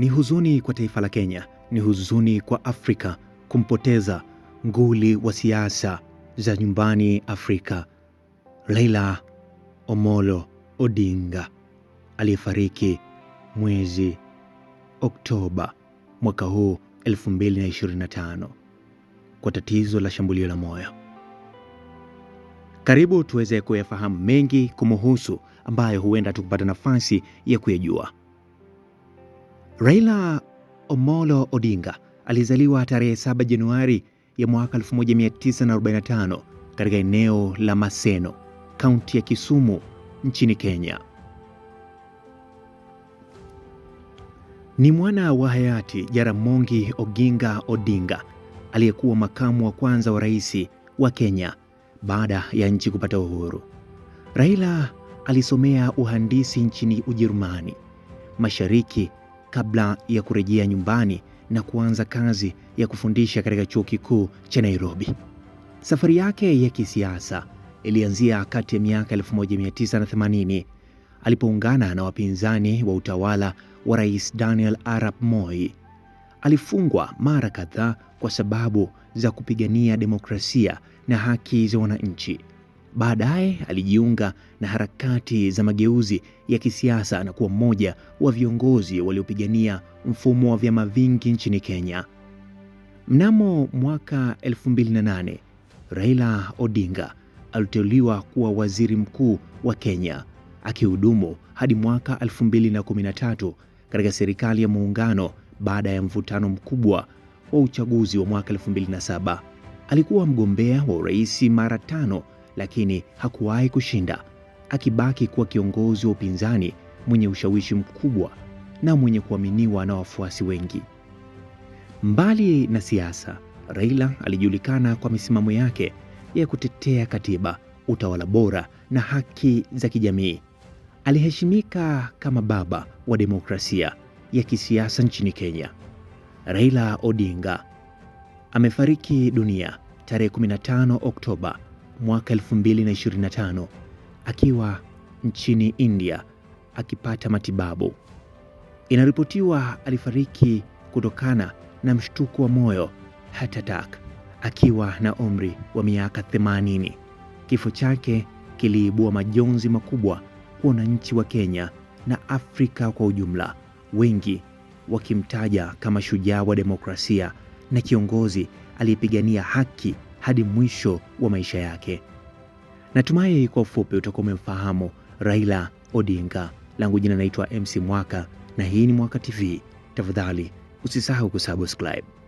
Ni huzuni kwa taifa la Kenya, ni huzuni kwa Afrika kumpoteza nguli wa siasa za nyumbani Afrika, Raila Omolo Odinga aliyefariki mwezi Oktoba mwaka huu 2025 kwa tatizo la shambulio la moyo. Karibu tuweze kuyafahamu mengi kumuhusu ambayo huenda tukupata nafasi ya kuyajua. Raila Omolo Odinga alizaliwa tarehe 7 Januari ya mwaka 1945 katika eneo la Maseno, kaunti ya Kisumu nchini Kenya. Ni mwana wa hayati Jaramogi Oginga Odinga aliyekuwa makamu wa kwanza wa rais wa Kenya baada ya nchi kupata uhuru. Raila alisomea uhandisi nchini Ujerumani Mashariki kabla ya kurejea nyumbani na kuanza kazi ya kufundisha katika chuo kikuu cha Nairobi. Safari yake ya kisiasa ilianzia kati ya miaka 1980 alipoungana na wapinzani wa utawala wa Rais Daniel Arap Moi. Alifungwa mara kadhaa kwa sababu za kupigania demokrasia na haki za wananchi. Baadaye alijiunga na harakati za mageuzi ya kisiasa na kuwa mmoja wa viongozi waliopigania mfumo wa vyama vingi nchini Kenya. Mnamo mwaka 2008, Raila Odinga aliteuliwa kuwa waziri mkuu wa Kenya akihudumu hadi mwaka 2013 katika serikali ya muungano baada ya mvutano mkubwa wa uchaguzi wa mwaka 2007. Alikuwa mgombea wa urais mara tano lakini hakuwahi kushinda, akibaki kuwa kiongozi wa upinzani mwenye ushawishi mkubwa na mwenye kuaminiwa na wafuasi wengi. Mbali na siasa, Raila alijulikana kwa misimamo yake ya kutetea katiba, utawala bora na haki za kijamii. Aliheshimika kama baba wa demokrasia ya kisiasa nchini Kenya. Raila Odinga amefariki dunia tarehe 15 Oktoba mwaka 2025 akiwa nchini India akipata matibabu. Inaripotiwa alifariki kutokana na mshtuko wa moyo heart attack akiwa na umri wa miaka 80. Kifo chake kiliibua majonzi makubwa kwa wananchi wa Kenya na Afrika kwa ujumla, wengi wakimtaja kama shujaa wa demokrasia na kiongozi aliyepigania haki hadi mwisho wa maisha yake. Natumai kwa ufupi utakuwa umemfahamu Raila Odinga. Langu jina naitwa MC Mwaka na hii ni Mwaka TV. Tafadhali usisahau kusubscribe.